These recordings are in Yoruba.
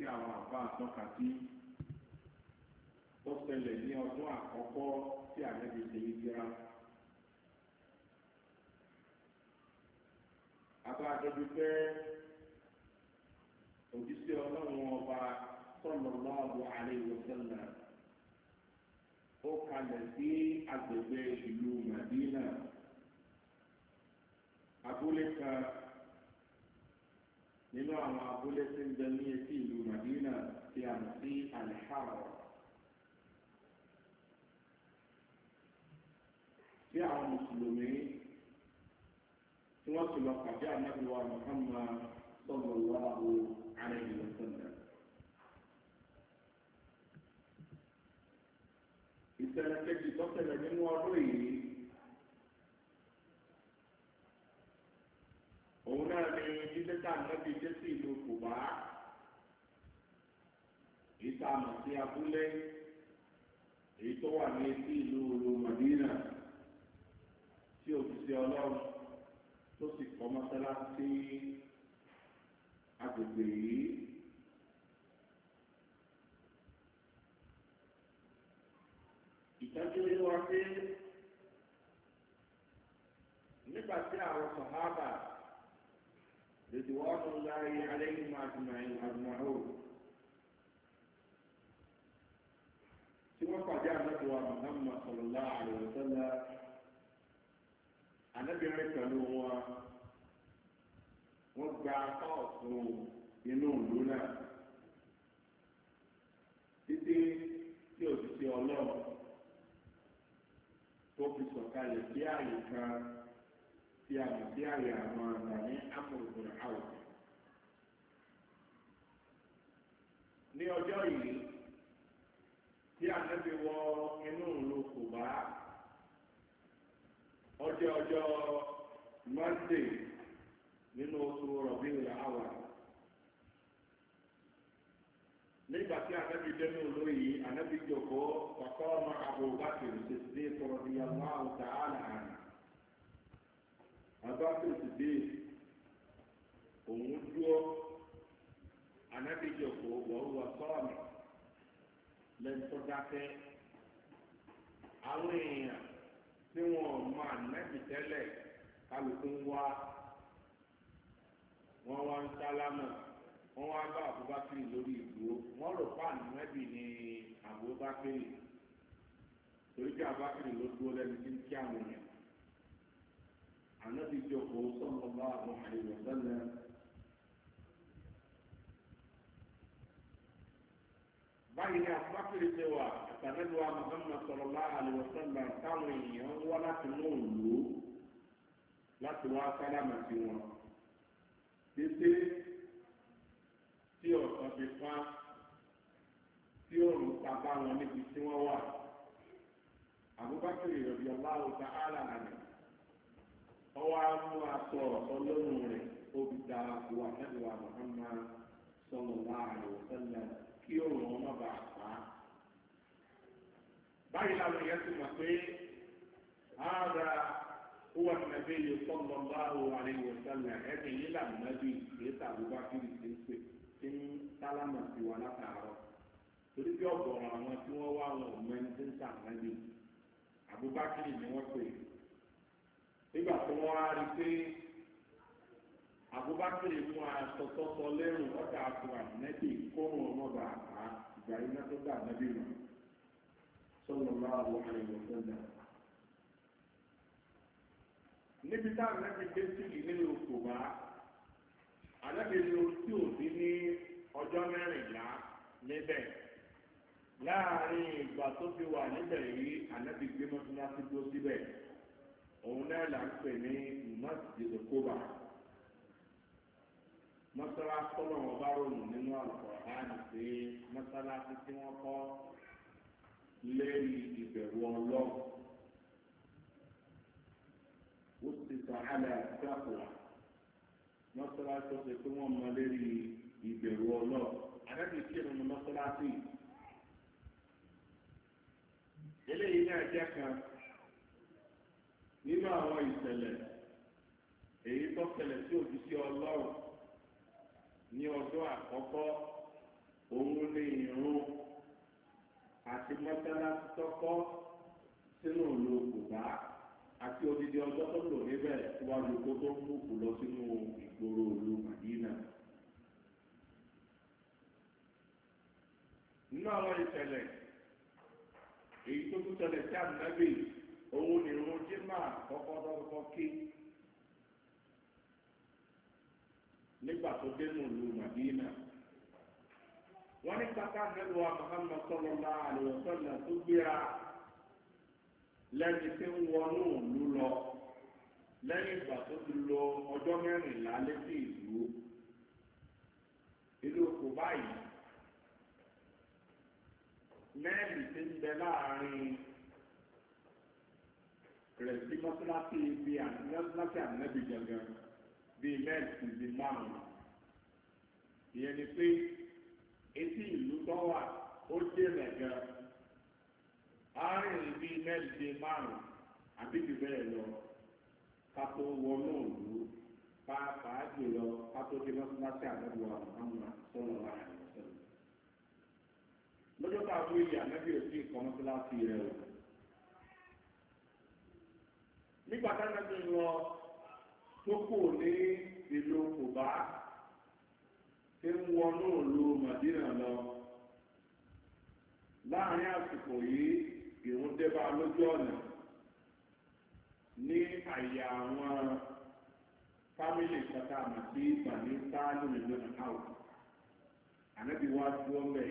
tí àwọn àbá àtọ́ka sí ó ṣẹlẹ̀ ní ọdún àkọ́kọ́ tí àlẹ́bí ṣe ń jẹ́ra. àbá àjọjú pé òjíṣẹ́ ọlọ́run ọba sallallahu alaihi wasallam ó kalẹ̀ sí agbègbè ìlú Màdínà abúlé kan. nínú àwọn abúlé tí ń bẹ ní etí ìlú Madina tí a mọ̀ sí alihara tí àwọn mùsùlùmí tí wọ́n ti lọ pàdé ànábìwá Muhammad sallallahu alaihi wa sallam. ìṣẹ̀lẹ̀ kejì tó ṣẹlẹ̀ nínú ọdún yìí. ànábì dé sí ìlú kùbá ìta àmọ̀ sí abúlé èyí tó wà ní etí ìlú ìlú Madina tí òṣìṣẹ́ ọlọ́run tó sì kọ́ mọ́sálásí agbègbè yìí. ìtọ́jú yìí wá sí nígbà tí àwọn sọ̀hábà. الله عليهم أجمعين أجمعون توقع جامعة محمد صلى الله عليه وسلم النبي عيسى هو وقع قاصر ينوم لنا títí tí òṣìṣẹ́ ọlọ́run tó fi sọ̀kalẹ̀ sí àyè kan tí a mọ̀ sí àyè àwọn àgbà ní amòròkòrò àwùjọ. ní ọjọ́ yìí tí ànábì wọ inú ìlú kùbá ọjọ́ ọjọ́ monday nínú oṣù rọ̀bìnrin làwà nígbà tí ànábì dẹnu olóyè ànábì jókòó kọkọ ọmọ Abubakar àlàáhàn òun dúró. ànábì jòkó wọ́n wọ sọ́ọ̀mù lẹ́nu tó dákẹ́ àwọn èèyàn tí wọn mọ ànábì tẹ́lẹ̀ kálukú ń wá wọn wá ń sálámà wọn wá bá Abubakar lórí ìdúró wọn rò pa ànábì ní Abubakar torí pé Abubakar ló dúró lẹ́nu tí ń kí àwọn èèyàn ànábì jòkó sọ́ọ̀mù bá àwọn àìwọ̀sán náà. báyìí ni àtúbákìrì ṣe wà àtàlẹ́lùwà Muhammad sallallahu alaihi wasallam táwọn èèyàn wá láti mú òǹlò láti wá sálámà sí wọn. títí tí ọ̀sán fi pa tí òòrùn ta bá wọn níbi tí wọ́n wà. àbúbákìrì rẹ̀ bí Allahu ta'ala nà ọwọ́ amú aṣọ ọlọ́run rẹ̀ ó fi da wà lẹ́nu wa Muhammad sallallahu alaihi wasallam kí òun ọmọ bá pa á. báyìí làwọn èèyàn ti mọ̀ pé ara owó àtìlẹ́bí yìí sọ́nà bá òun àríwọ̀ sálẹ̀ ẹ̀dùn yìí làwọn mẹ́bí ìgbésà àbúgbà kiri ti ń pè tí ń sálámà sí wa látàárọ̀ torí bí ọ̀gọ̀rọ̀ àwọn tí wọ́n wá wọn ọ̀mọ ẹni tí ń sàn mẹ́bí àbúgbà kiri ni wọ́n pè nígbà tí wọ́n á rí pé àbúgbà mú aṣọ tọ́tọ́ ọ̀dà àbúrò àmì àpá ìgbà iná tó gbà nábì mọ̀ sọ́nà máa wọ àyẹ̀wò sọ́nà. níbi táwọn ẹgbẹ́ gbé sílì nínú kò bá alábẹ́ni tí ò sí ní ọjọ́ mẹ́rìnlá níbẹ̀ láàrin ìgbà tó fi wà níbẹ̀ yìí alábì gbé mọ́tò láti dúró síbẹ̀ òun náà là ń pè ní masjid kóbá mọ́sálásí tọ́lọ̀ wọn bá ròyìn nínú àlùkòránì pé mọ́sálásí tí wọ́n kọ́ lẹ́yìn ìbẹ̀rù ọlọ́run ó ti sàn álẹ̀ àtúntàkùrà mọ́sálásí tó ṣe pé wọ́n mọ lẹ́yìn ìbẹ̀rù ọlọ́run àdájọ́ kí ẹnu ní mọ́sálásí eléyìí náà jẹ́ kan nínú àwọn ìṣẹ̀lẹ̀ èyí tó ṣẹlẹ̀ sí òjijì ọlọ́run ní ọjọ́ àkọ́kọ́ òun lè irun àti mọ́sálásí tọ́kọ́ sínú ìlú kùbá àti odidi ọjọ́ tó lò níbẹ̀ tí wàá lu kó tó ń bùkù lọ sínú ìgboro ìlú Màdínà. nínú àwọn ìṣẹ̀lẹ̀ èyí tó tún ṣẹlẹ̀ sí àdínábì òun ni irun jimá kọ́kọ́ tó kọ́kọ́ kí. nígbà tó dé nù lù màdínà wọ́n ní kàkà nílùú àmàhàmà sọ̀rọ̀ bá àlùyọ̀ sọ̀rọ̀ tó gbéra lẹ́ni tí ń wọnú ìlú lọ lẹ́yìn ìgbà tó ti lo ọjọ́ mẹ́rìnlá létí ìlú ìlú kò báyìí mẹ́rin ti ń bẹ láàrin rẹ̀ sí mọ́sálásí ibi àti mọ́sálásí ànábì gangan bíi mẹ́ẹ̀sìn bíi márùn-ún ìyẹn ni pé etí ìlú tó wà ó dé lẹ́gàn àárín bíi mẹ́ẹ̀sìn bíi márùn-ún àbí jù bẹ́ẹ̀ lọ ká tó wọnú òlu pàápàá jùlọ ká tó dé mọ́sálásí àdúgbò àwọn ọmọ sọ́nà láàrin ọ̀sẹ̀ lọ́jọ́ tá a wí ìyá mẹ́bí òsì nǹkan mọ́sálásí rẹ̀ wọ̀ nígbà tá a lọ tó kù ní ìlú kùbá tí ń wọnú ìlú màdínà lọ láàrin àsìkò yìí ìrún débà lójú ọ̀nà ní àyà àwọn fámìlì kọta àmàtí ìgbàní sáájú nínú àwọn ànábì wá sí ọmọ ẹ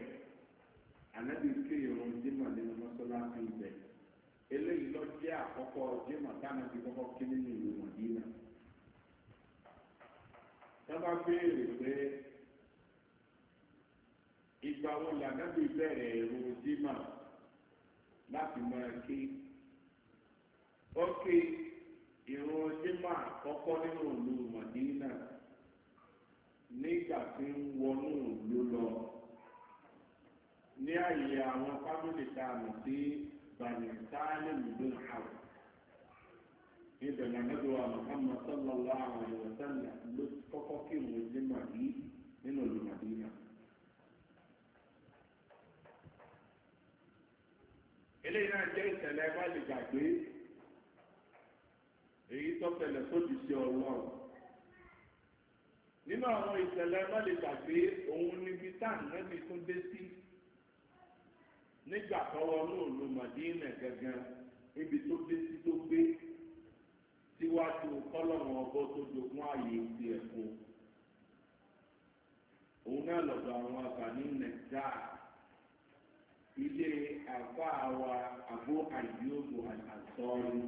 ànábì ké ìrún jimá nínú mọ́sálásí ibẹ̀ eléyìí lọ jẹ́ àkọ́kọ́ jimá táwọn ti kọ́kọ́ kí nínú ìlú madina sábà béèrè pé ìgbà wo làdábì bẹ̀rẹ̀ ẹ̀rù jimá láti máa ké ó ké ìrun jimá kọ́kọ́ nínú ìlú Màdínà nígbà tí ń wọnú ìlú lọ ní àyè àwọn fámìlì tá a mọ̀ sí bàmí sáálẹ̀ mìíràn àwọn níbẹ̀ lànàdùwà Muhammad sallallahu alaihi wa sallam ló kọ́kọ́ kí òun ní màdí nínú ìlú Màdínà. eléyìí náà jẹ́ ìṣẹ̀lẹ̀ má lè gbàgbé èyí tó tẹ̀lẹ̀ sódì sí ọlọ́run nínú àwọn ìṣẹ̀lẹ̀ má lè gbàgbé òun níbi tá ànábì tún dé sí nígbà tọwọ́ ní òun gẹ́gẹ́ ibi tó dé sí tó gbé síwájú kọ́lọ́mù ọgbọ́ tó jogún ààyè ti ẹ̀kọ́ òun náà lọ́dọ̀ àwọn àbáni nàìjíríà ilé àbá wa àbó àyíòbò àtọ́rin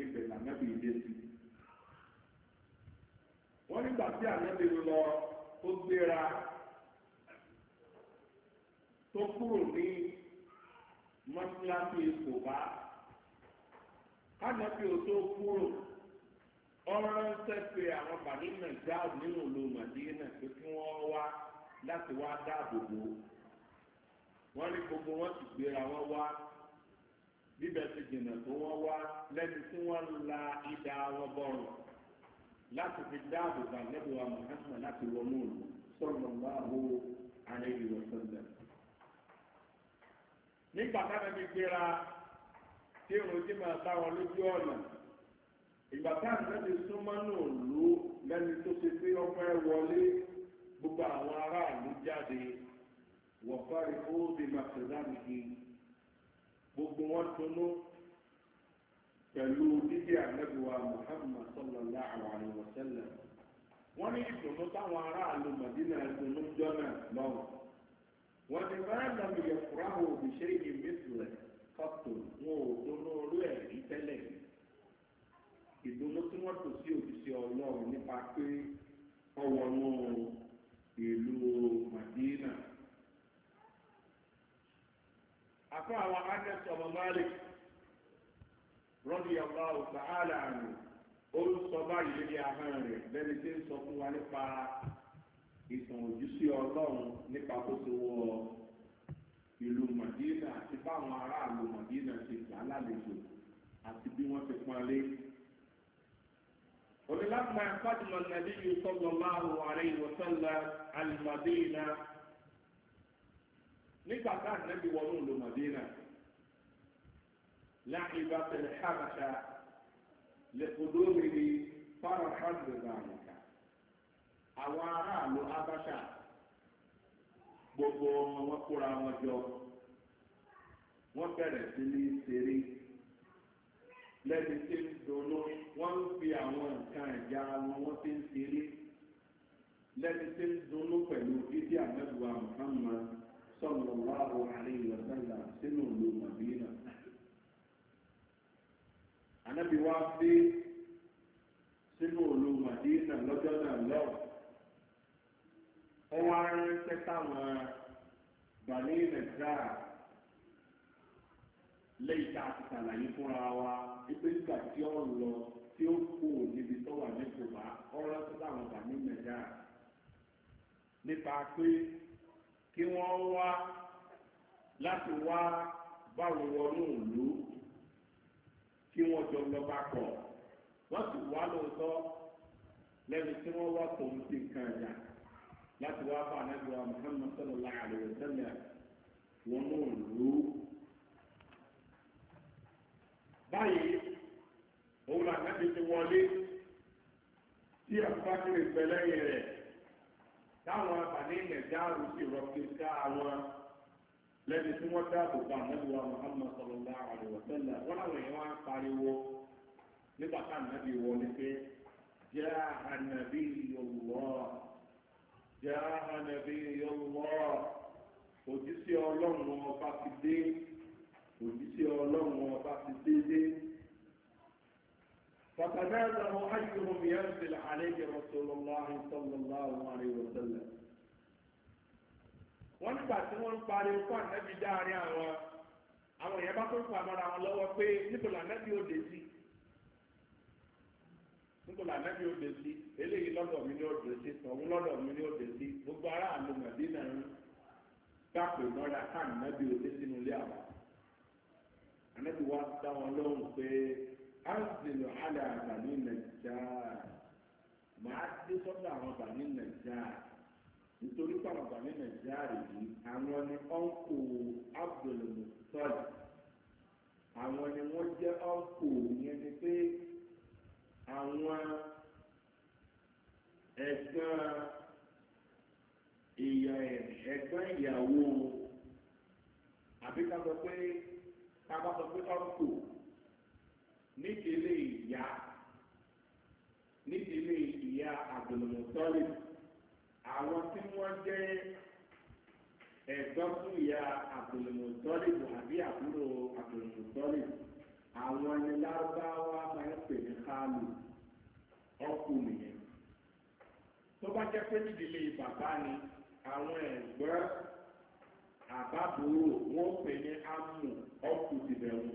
ibẹ̀ làmẹ́bí ilé sí. wọ́n nígbà tí àmẹ́bí lọ tó gbéra tó kúrò ní mọ́tíláṣí kò bá. ha na tó kúrò ọ̀rọ̀ ń tẹ̀sẹ̀ àwọn bàbí nàìjíríà nínú ìlú màdínà pé kí wọ́n wá láti wá dáàbò bò wọ́n ní gbogbo wọn wọn wá ti jìnnà tó wá tí la fi dáàbò tí irun tí máa táwọn lójú ọ̀nà ìgbà táwọn náà ti súnmọ́ náà ló lẹ́ni tó ṣe pé ọpẹ́ wọlé gbogbo àwọn aráàlú jáde wọ̀fárí ó di màṣẹ́dáàmì gbogbo wọn tónú pẹ̀lú dídí ànábìwá Muhammad sallallahu alaihi wa sallam wọ́n ní ìdùnnú táwọn aráàlú Màdínà ìdùnnú jọ́nà lọ́wọ́ wọ́n ti bá ẹ̀ lọ́mọ ìyẹ̀fúráhùn òbíṣẹ́ ìyẹ̀mẹ́sìlẹ̀ kọ́tò wọn ò dúró orí ẹ̀rí tẹ́lẹ̀ ìdúró tí wọ́n tò sí òṣìṣẹ́ ọlọ́run nípa pé ọwọ́ náà ìlú Madina. Afọ àwọn Adẹ́sọ̀ ọmọ Malik rọ́bì ọba ọ̀sà àlàánu ó ń sọ báyìí lórí ahọ́n rẹ̀ lẹ́ni tí ń sọ fún wa nípa ìtàn òjúṣe ọlọ́run nípa kó tó wọ ọ́. ìlú mọ̀dínà àti báwọn aráàlú mọ̀dínà ti gbà lálejò àti bí wọ́n ti pọ́n lé. ولما قدم النبي صلى الله عليه وسلم المدينة nígbà tá ànábi wọnú ìlú mọ̀dínà láìba tẹ̀lé xabaṣa lẹ́kọ̀dọ́mìnì fara xabaṣa àwọn aráàlú abaṣa. gbogbo wọn kóra wọn jọ wọ́n bẹ̀rẹ̀ sí ní ṣeré lẹ́ni tí ń dùnnú wọ́n ń fi àwọn nǹkan ẹ̀yà wọn wọ́n ti ń ṣeré lẹ́ni tí ń dùnnú pẹ̀lú bíbí àmẹ́lùwà Muhammad sallallahu alaihi wa sallam sínú ìlú Madina. Ànábì wá sínú ìlú Madina lọ́jọ́ náà lọ́wọ́ ó wá ránṣẹ́ táwọn gbàlẹ́ nàìjíríà lẹ́yìn tá a ti ṣàlàyé fúnra wa wípé nígbà tí ó lọ tí ó kú níbi tó wà ní kùbá ó ránṣẹ́ táwọn gbàlẹ́ nàìjíríà nípa pé kí wọ́n wá láti wá báwo wọnú ìlú kí wọ́n jọ lọ pọ̀ wọ́n sì wá lóòótọ́ lẹ́nu tí wọ́n wá kò ń ti kan ìyá láti wá fún anábìwá Muhammad sallallahu alayhi wa sallam wọn mú lò ó. báyìí òun àtàkì ti wọlé tí àfáàkiri pẹlẹyìn rẹ táwọn abàní nàìjíríà sì rọpì ká àwọn lẹni tí wọn dáàbò bá anábìwá Muhammad sallallahu alayhi wa sallam wọn làwọn èèyàn wá pariwo nígbà tá ànábì wọlé pé jẹ́ ànábì yòówọ́. jẹ́ ànàbí yọ̀wọ́ òjíṣẹ́ ọlọ́run ọba ti dé òjíṣẹ́ ọlọ́run ọba ti dédé. فتنازعوا أيهم ينزل عليه رسول الله صلى wọ́n nígbà tí wọ́n ń àwọn àwọn èèyàn bá tó ń wọn lọ́wọ́ pé níbo dé sí nítorí ànábì ó dé sí eléyìí lọ́dọ̀ mi ní ó dé sí tọ̀hún lọ́dọ̀ mi ní ó dé sí gbogbo aráàlú màdínà ń dàpọ̀ ìmọ̀ra káàmì nábì ó dé sínú ilé àwọn ànábì wa dá wọn lóhùn pé ánzìlù àlẹ́ àgbàní nàìjíríà màá dé sọ́dọ̀ àwọn àgbàní nàìjíríà nítorí pàmò àgbàní nàìjíríà rèé àwọn ni ọ̀nkù abdulmutali àwọn ni wọ́n jẹ́ ọ̀nkù yẹn ni pé àwọn ẹ̀gbọ́n ìyá ẹ̀gbọ́n ìyàwó àbí ká sọ pé ká bá sọ pé ọ̀pọ̀ nídìílé ìyá nídìílé ìyá àgbẹ̀lọ̀mọ̀tọ́lì àwọn tí wọ́n jẹ́ ẹ̀gbọ́n fún ìyá àgbẹ̀lọ̀mọ̀tọ́lì àbí àbúrò àgbẹ̀lọ̀mọ̀tọ́lì àwọn ẹni lárúbáwá máa ń pè ní kálù ọkùnrin yẹn tó bá jẹ́ pé nídìílé bàbá ni àwọn ẹ̀gbọ́n àbábòrò wọ́n pè ní amù ọkùnrin tìbẹ̀rù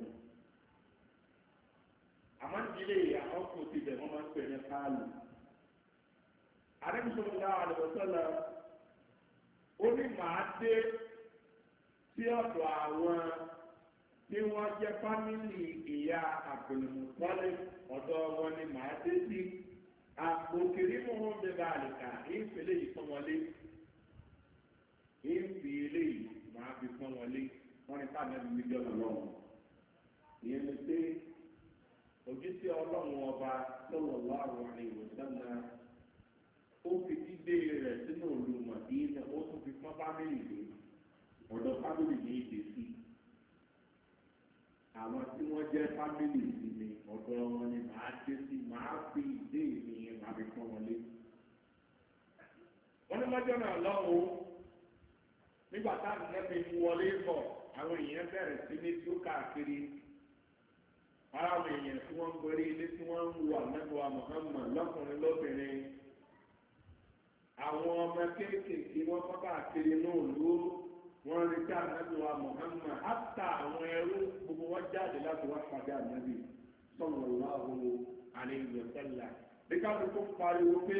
àmọ́ nídìílé ìyá ọkùnrin tìbẹ̀rù wọ́n máa ń pè ní kálù àdébùsọ̀rọ̀ náà àdébùsọ̀rọ̀ ó ní màá dé sí ọ̀dọ̀ àwọn. bí wọ́n jẹ́ fámìlì ìyá àbùnùmọ́lé ọ̀dọ́ wọn ni màá dé sí àpò kìrìmù àlìkà ìfìlẹ̀ yìí fún màá fi fún wọn táwọn ẹbí mi jọlọ lọ́wọ́ ìyẹn ni pé ojúṣe ọlọ́run ọba lọ́wọ́ ó fi dídé rẹ̀ sínú àwọn tí wọ́n jẹ́ fámìlì sí mi ọ̀dọ́ wọn ni màá dé sí màá fi ìdí mi yẹn màá fi pọ́n wọn lé. wọ́n ní lọ́jọ́ náà lọ́wọ́ nígbà táwọn ẹgbẹ́ mi wọlé bọ̀ àwọn èèyàn bẹ̀rẹ̀ sí ní tú káàkiri ara àwọn èèyàn tí wọ́n ń gorí ilé tí wọ́n ń wà mẹ́wàá Muhammad lọ́kùnrin lóbìnrin àwọn ọmọ kéékèèké wọ́n kọ́ káàkiri náà lóòrùn wọ́n rí ká ànábì wa Muhammad áta àwọn ẹrú gbogbo wọn jáde láti wá padà ànábì sallallahu alaihi wa sallam bí ká kó tó pariwo pé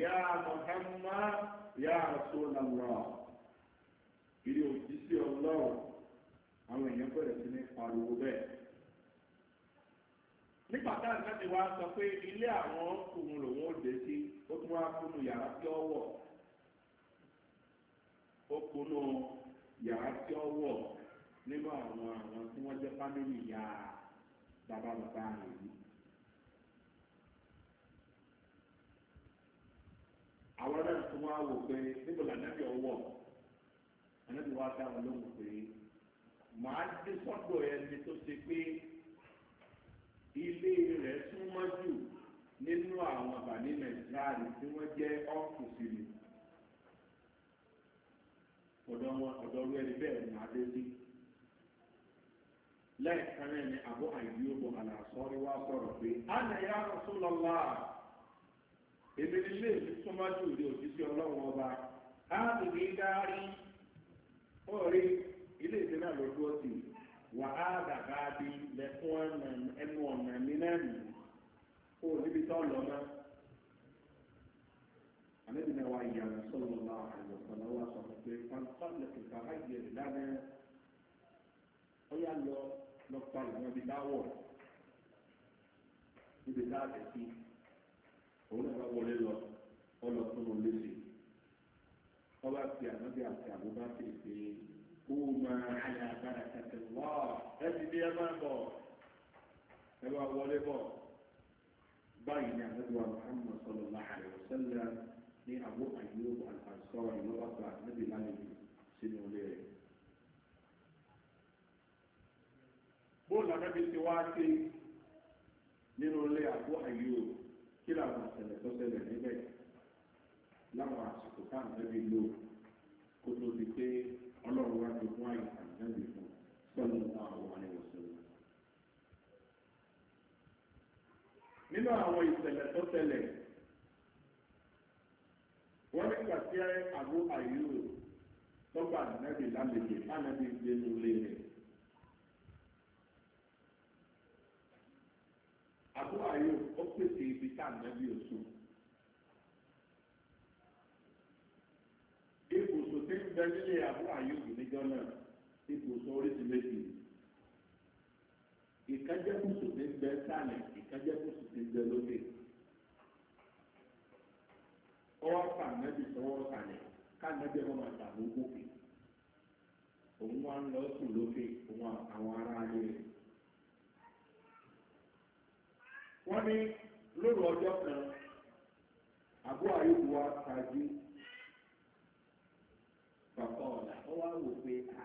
ya Muhammad ya Rasulullah ìdí òjíṣẹ́ ọlọ́run àwọn èèyàn bẹ̀rẹ̀ sí ní pariwo bẹ́ẹ̀. nígbà tá ànábì wa sọ pé ilé àwọn kùnú lòun ò dé sí ó tún wá kúnnú yàrá tí ó wọ̀ ó kúnú yàrá tí ó wọ̀ nínú àwọn àwọn tí wọ́n jẹ́ fámìlì ya bàbá bàbá rẹ̀ yìí. àwọn náà tún wá wò pé níbo làǹdàbí ọwọ́ ànábì wá dá wọn lóhùn pé màá dé sọ́dọ̀ ẹni tó ṣe pé ilé rẹ̀ súnmọ́ jù nínú àwọn àbánílẹ̀ ìsirahàlì tí wọ́n jẹ́ ọ́fíìsì nìkan. ọ̀dọ̀ ẹni bẹ́ẹ̀ ní adé lẹ́ẹ̀kan náà ni àìdí sọ̀rọ̀ a nà ya Rasulullah èmi nílé mi súnmájú ìdí osisi ọlọ́run ọba a lè rí dárí ọ̀rẹ́ ilé ìdí náà ló wà á dàgbà bí lẹ́kún ẹnu ọ̀nà mi náà nù kó النبي نوايا صلى الله عليه وسلم وصفت من قبلك تغير لنا ويا الله نقطة لنا بداوة بداوة في هنا بقول الله ọlọ tó ló léṣe ọba ti ànábì àti àbúbá ti pè é kó o máa àyà àgbàdà kẹtẹ wá ẹ ti ẹ máa bọ̀ ẹ bá wọlé bọ̀ báyìí ni ànábì wa Muhammad sallallahu alaihi wasallam ní àbú àyíwò àtàkọ́wà ìlọ́wọ́ pa níbi lálejò sínú ilé rẹ̀. bóòlù àbẹ́bí ti wá sí nínú ilé àbú àyíwò kí làwọn àṣẹlẹ̀ tó ṣẹlẹ̀ níbẹ̀ láwọn àsìkò tá àbẹ́bí lò kó tó di pé ọlọ́run wá ti fún àyè àbẹ́bí fún sọ́nù àwọn àlewọ̀sẹ̀ wọn. nínú àwọn ìṣẹ̀lẹ̀ tó ṣẹlẹ̀ àbú àyù lọ́gbà nẹ́bí lálejò lánàbí gbénu lé rẹ̀. àbú àyù ó pèsè ibi tá nẹ́bí oṣù. ibùsùn tí ń bẹ nílé àbú àyù níjọ́ náà ibùsùn oríṣi méjì. ìkájẹ́kùsù ti ń bẹ sálẹ̀ ìkájẹ́kùsù ti ń bẹ lókè. ọwọ́ sàn nẹ́bí sọ́wọ́ sálẹ̀. káàdébí ẹ̀ máa gbogbo fi òun ń lọ sùn lókè òun àwọn ará ayé rẹ̀. ní lóru ọjọ́ kan àbúrò àyùkú wa tajú bàbá ọ̀la ó wá wò pé a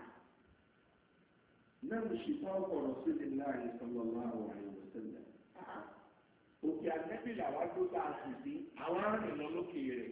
náà ṣùgbọ́n ọ̀rọ̀ sílẹ̀ láàrin sọlọ́lá àwọn àyẹ̀wò sílẹ̀ òkè àtẹ́bí làwọn bá a sì sí àwọn arìnrìn lọ lókè rẹ̀.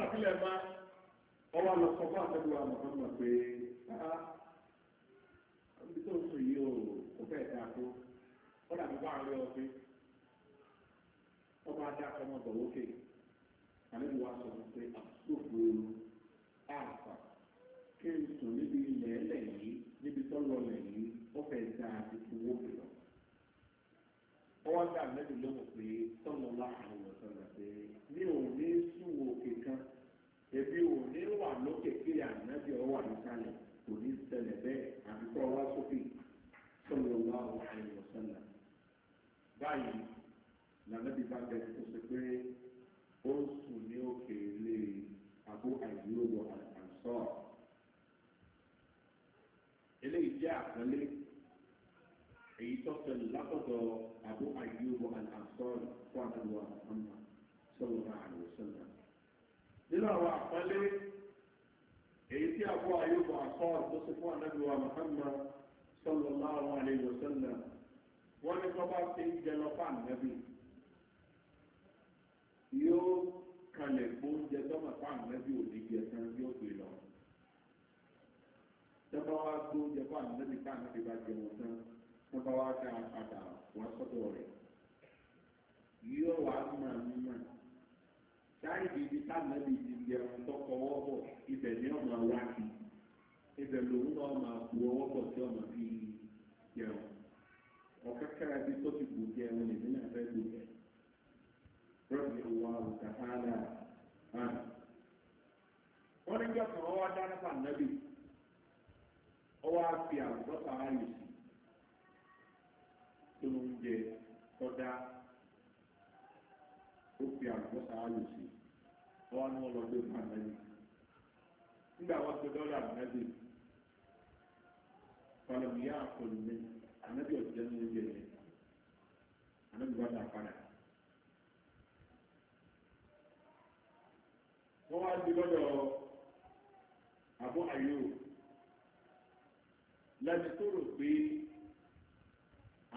nígbà sílẹ̀ ọwọ́ lọ sọ fún àtẹ́gbẹ́ wa mọ̀ pé ibi tó o kò fẹ́ tó ó dàbí bá ọ pé ọba dá ọmọ bọ̀ àlejò wa sọ pé àtúntò kí n sùn níbi ilẹ̀ níbi ó wọ́n dà mẹ́bí lóhùn pé sọ́nà láàrin ọ̀sán náà pé mi ò ní sùn òkè kan èmi ò ní wà lókè kí ànábì ọ̀ wà nísàlẹ̀ kò ní ṣẹlẹ̀ bẹ́ẹ̀ àbíkọ́ wá sókè sọ́nà láàrin ọ̀sán náà. báyìí lànàbí bá bẹ tó ṣe pé ó ń sùn ní òkè ilé àbó àìlówó àǹsọ̀ eléyìí jẹ́ àpọ́nlé èyí tó tẹ̀lé lápọ̀dọ̀ àbú àyíwò àlàsọ́ọ̀lù fún àdúrà ọ̀nà sọ̀rọ̀ àrùn sọ̀nà. nínú àwọn àpẹẹlẹ èyí tí àbú àyíwò àsọ́ọ̀lù tó sì fún àdúrà mọ̀hánmà sọ̀rọ̀ láwọn àlejò sọ̀nà wọ́n ní kọ́bá ti ń jẹ lọ fáàmì nẹ́bí yóò kalẹ̀ gbóúnjẹ tọ́mọ̀ fáàmì nẹ́bí òní jẹ tán yóò pè lọ. tẹ́bá wá gbóúnjẹ fáàmì nẹ́bí fáàmì tó bá wá ká padà wá sọ́dọ̀ rẹ̀ yóò wá mọ̀ mọ̀ sáyidì ibi táwọn ibi ti di ẹran tó kọwọ́ bọ̀ ibẹ̀ ni ọmọ wá sí ibẹ̀ lòun náà máa bu ọwọ́ bọ̀ tí ọmọ fi jẹun ọ̀kẹ́kẹ́rẹ́ bí tó ti bù jẹun nìyí náà fẹ́ gbò jẹ rọ́bì wa òkàtàlà hàn. wọ́n ní jọ́sán ọwọ́ dáná fà nábì ọwọ́ á fi àwùjọ sàárà sí tó ń jẹ tọ́dá ó fi àgbọ̀sà àlù sí ọwọ́ ni wọ́n lọ gbé fún ànábì nígbà wọn gbé dọ́là ànábì pàlọ́mìyá àkọlù mi ànábì ọ̀jẹ̀ ní oúnjẹ yẹn ànábì wọn dà padà. wọ́n wá gbé lọ́dọ̀ àbọ̀ àyò lẹ́ni tó rò pé.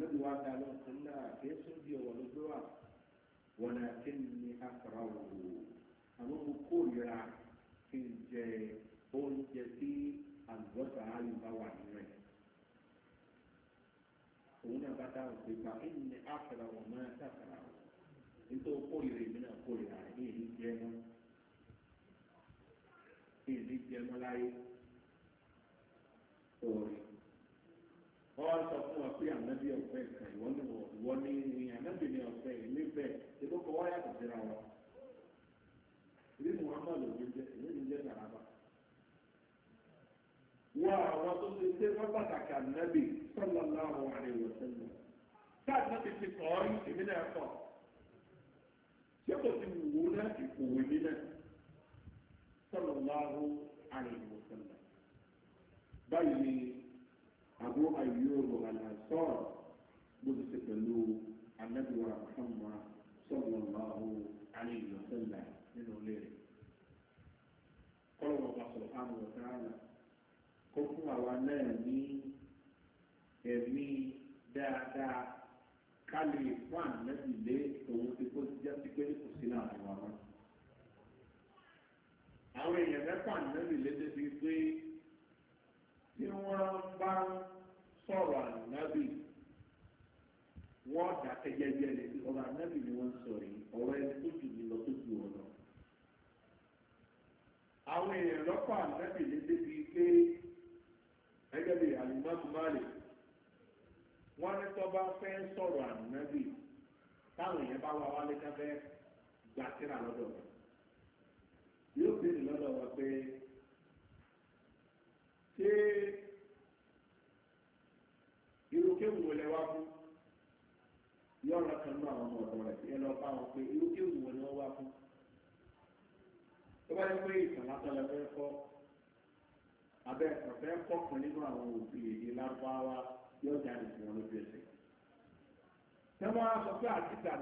ànábì wa dá lọ fún náà kẹsùn bí ọwọ́ ló gbé wà wọn náà kí ni àkàrà wò àwọn mo kórìíra kí n jẹ oúnjẹ tí àlùbọ́sà ayò bá wà nínú ẹ̀ òun náà bá dáhùn pé bá kí ni àkàrà wò máa dàkàrà wò nítorí kórìíra èmi náà kórìíra rẹ̀ ní ìlú jẹ́ mọ́ ní ìlú jẹ́ mọ́ láyé. Sorry wọ́n sọ fún wọn pé ànábì ọ̀fẹ́ kan ìwọ́n ní ìwọ́n ní ní ànábì ní ọ̀fẹ́ ilé bẹ́ẹ̀ ṣe ló kọ́ wáyà tó síra wọn. ilé muhammadu ló jẹ ilé mi jẹ sàràbà. wọ́n àwọn tó ṣe ṣe wọ́n pàtàkì ànábì sọ́lá láwọn àrẹwò sẹ́lẹ̀. táà náà ti ti kọ́ ọ́ èmi náà kọ́. ṣé kò sí wò náà ìkòwé mi náà sọ́lá láwọn àrẹwò sẹ́lẹ̀. Abu Ayyub al-Ansari ló ti ṣe pẹ̀lú anábìwá Muhammad sallallahu alayhi wa sallam nínú ilé rẹ̀. Kọ́lọ̀ ọba subhanahu wa ta'ala kó fún àwa náà ní ẹ̀mí dáadáa ká lè fún ànábì lé òun ti kó jẹ́ sí pé kò sí náà àwọn àwọn èèyàn mẹ́fà ànábì lé débi pé. tí wọ́n bá sọ̀rọ̀ ànábì wọ́n dàkẹ́ jẹ́jẹ́ lè fi ọ̀rọ̀ ànábì ni wọ́n sọ̀rọ̀ yìí ọ̀rọ̀ ẹni tó jù mí lọ tó jù ọ àwọn èèyàn lọ́pọ̀ ànábì lè débi pé gẹ́gẹ́ bí alimami wọ́n ní tó bá fẹ́ sọ̀rọ̀ ànábì táwọn èèyàn bá wálé káfẹ́ gbàtírà lọ́dọ̀ yóò lọ́dọ̀ pé. lọ bá wọn pé irú kí òwò ni wọ́n wá fún tó bá yẹ pé ìtàn lásán lọ fẹ́ kọ́ abẹ́ ẹ̀sán fẹ́ kọ́ kan nínú àwọn òbí èdè yóò fún wọn lójú tẹ́wọ́n á sọ pé àtìgbà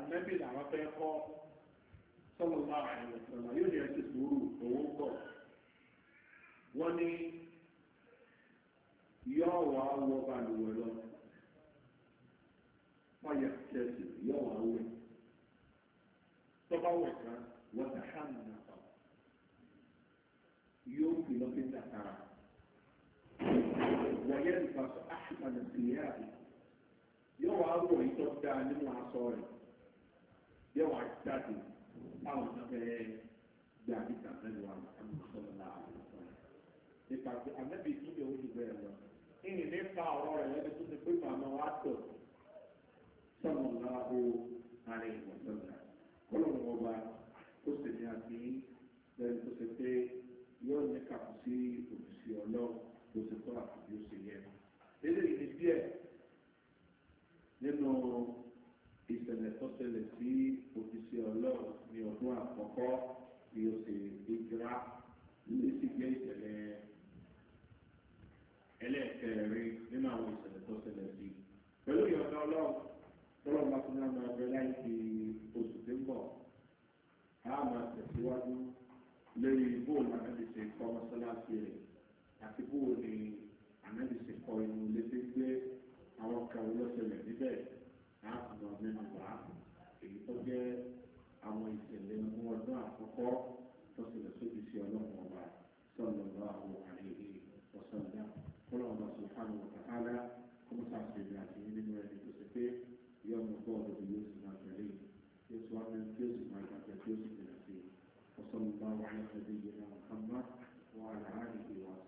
làwọn fẹ́ kọ́ sọ́wọ́n yóò sùúrù owó wọ́n ní yóò wá balùwẹ̀ lọ wọ́n yẹ yóò wá wẹ̀. تطوّق وتحنّق يوم في نظر الزهراء ويلبس أحسن الثياب يوم عضو يتوقع من العصور يوم عدتاتي أو نفعي دعني تعملوا على محمد صلى الله عليه وسلم لكن النبي صلى الله عليه وسلم إني نفع أورا يلبس كل ما مواته صلى الله عليه وسلم kọ́lọ́mù ọba ó sì ní àti lẹ́yìn tó ṣe pé yóò ní kàkú sí òṣìṣẹ́ ọlọ́run tó ṣe tọ́ àti bí ó ṣe yẹ. eléyìí ni díẹ̀ nínú ìṣẹ̀lẹ̀ tó ṣẹlẹ̀ sí òṣìṣẹ́ ọlọ́run ní ọdún àkọ́kọ́ bí ó ṣe ìjọra lè ìṣẹ̀lẹ̀ ẹlẹ́ẹ̀kẹrin nínú àwọn ìṣẹ̀lẹ̀ tó ṣẹlẹ̀ sí. pẹ̀lú ìyọ̀dọ̀ ọlọ́run. tẹ̀síwájú lórí bóòlù ànábì ṣe kọ́ mọ́sálásí rẹ̀ àti bóòlù ànábì ṣe kọ́ inú ilé tó gbé àwọn kan lọ́sẹ̀lẹ̀ níbẹ̀ láàbùdàn mẹ́nu wá èyí tó jẹ́ àwọn ìṣẹ̀lẹ̀ mú ọdún àkọ́kọ́ tó ṣẹlẹ̀ sóbi sí ọlọ́run ọba sọ̀rọ̀ lọ́wọ́ àwọn àlejò ọ̀sán náà kọ́lọ́ ọba sọ̀rọ̀ wọ̀tàkálá kó mọ́sá ṣèlú àti nínú ẹni tó ṣe pé yọ̀ọ̀mù bọ́ọ̀lù yóò sì máa tẹ̀lé yóò sì máa tẹ̀lé yóò sì máa tẹ̀lé وصلى الله على نبينا محمد وعلى آله وصحبه